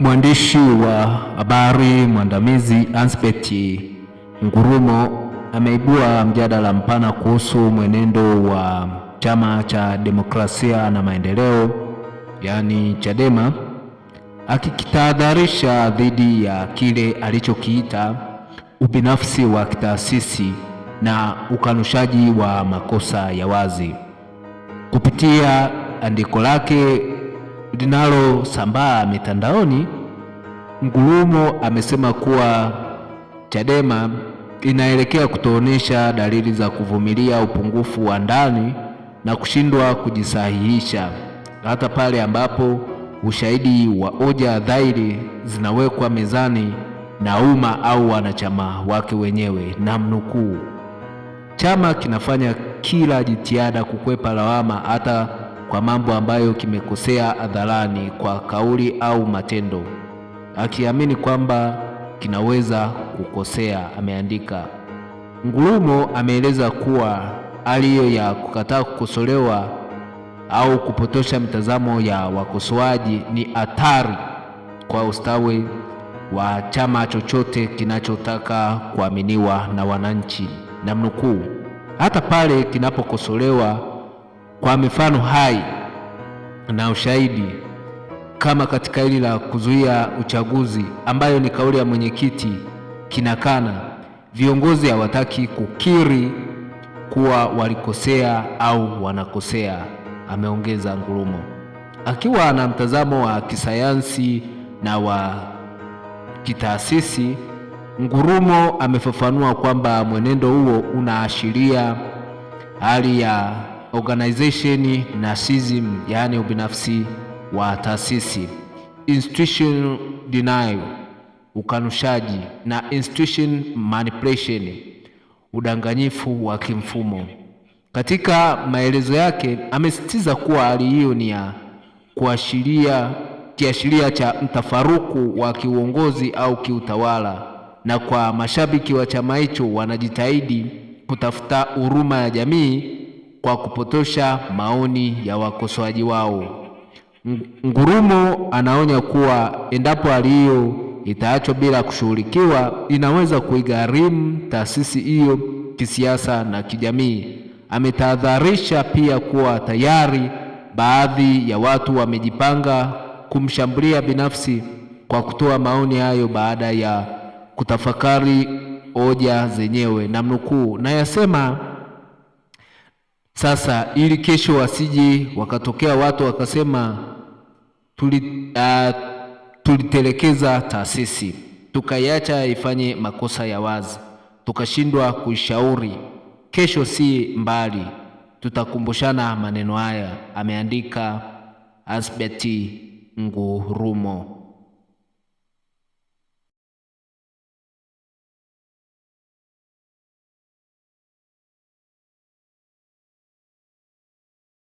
Mwandishi wa habari mwandamizi Ansbeth Ngurumo ameibua mjadala mpana kuhusu mwenendo wa Chama cha Demokrasia na Maendeleo, yaani Chadema, akikitahadharisha dhidi ya kile alichokiita ubinafsi wa kitaasisi na ukanushaji wa makosa ya wazi. Kupitia andiko lake linalosambaa mitandaoni, Ngurumo amesema kuwa Chadema inaelekea kutoonyesha dalili za kuvumilia upungufu wa ndani na kushindwa kujisahihisha hata pale ambapo ushahidi wa hoja dhahiri zinawekwa mezani na umma au wanachama wake wenyewe. Na mnukuu, chama kinafanya kila jitihada kukwepa lawama hata kwa mambo ambayo kimekosea hadharani kwa kauli au matendo, akiamini kwamba kinaweza kukosea, ameandika. Ngurumo ameeleza kuwa hali hiyo ya kukataa kukosolewa au kupotosha mtazamo ya wakosoaji ni hatari kwa ustawi wa chama chochote kinachotaka kuaminiwa na wananchi, namnukuu, hata pale kinapokosolewa kwa mifano hai na ushahidi kama katika hili la kuzuia uchaguzi, ambayo ni kauli ya mwenyekiti kinakana, viongozi hawataki kukiri kuwa walikosea au wanakosea, ameongeza Ngurumo akiwa na mtazamo wa kisayansi na wa kitaasisi. Ngurumo amefafanua kwamba mwenendo huo unaashiria hali ya organization narcissism, yaani ubinafsi wa taasisi, institutional denial, ukanushaji na institution manipulation, udanganyifu wa kimfumo. Katika maelezo yake amesisitiza kuwa hali hiyo ni ya kuashiria kiashiria cha mtafaruku wa kiuongozi au kiutawala, na kwa mashabiki wa chama hicho wanajitahidi kutafuta huruma ya jamii kwa kupotosha maoni ya wakosoaji wao. Ngurumo anaonya kuwa endapo hali hiyo itaachwa bila kushughulikiwa, inaweza kuigharimu taasisi hiyo kisiasa na kijamii. Ametahadharisha pia kuwa tayari baadhi ya watu wamejipanga kumshambulia binafsi kwa kutoa maoni hayo baada ya kutafakari hoja zenyewe. na mnukuu nayasema sasa ili kesho wasije wakatokea watu wakasema tuli, uh, tulitelekeza taasisi tukaiacha ifanye makosa ya wazi tukashindwa kuishauri. Kesho si mbali, tutakumbushana maneno haya, ameandika Asbeti Ngurumo.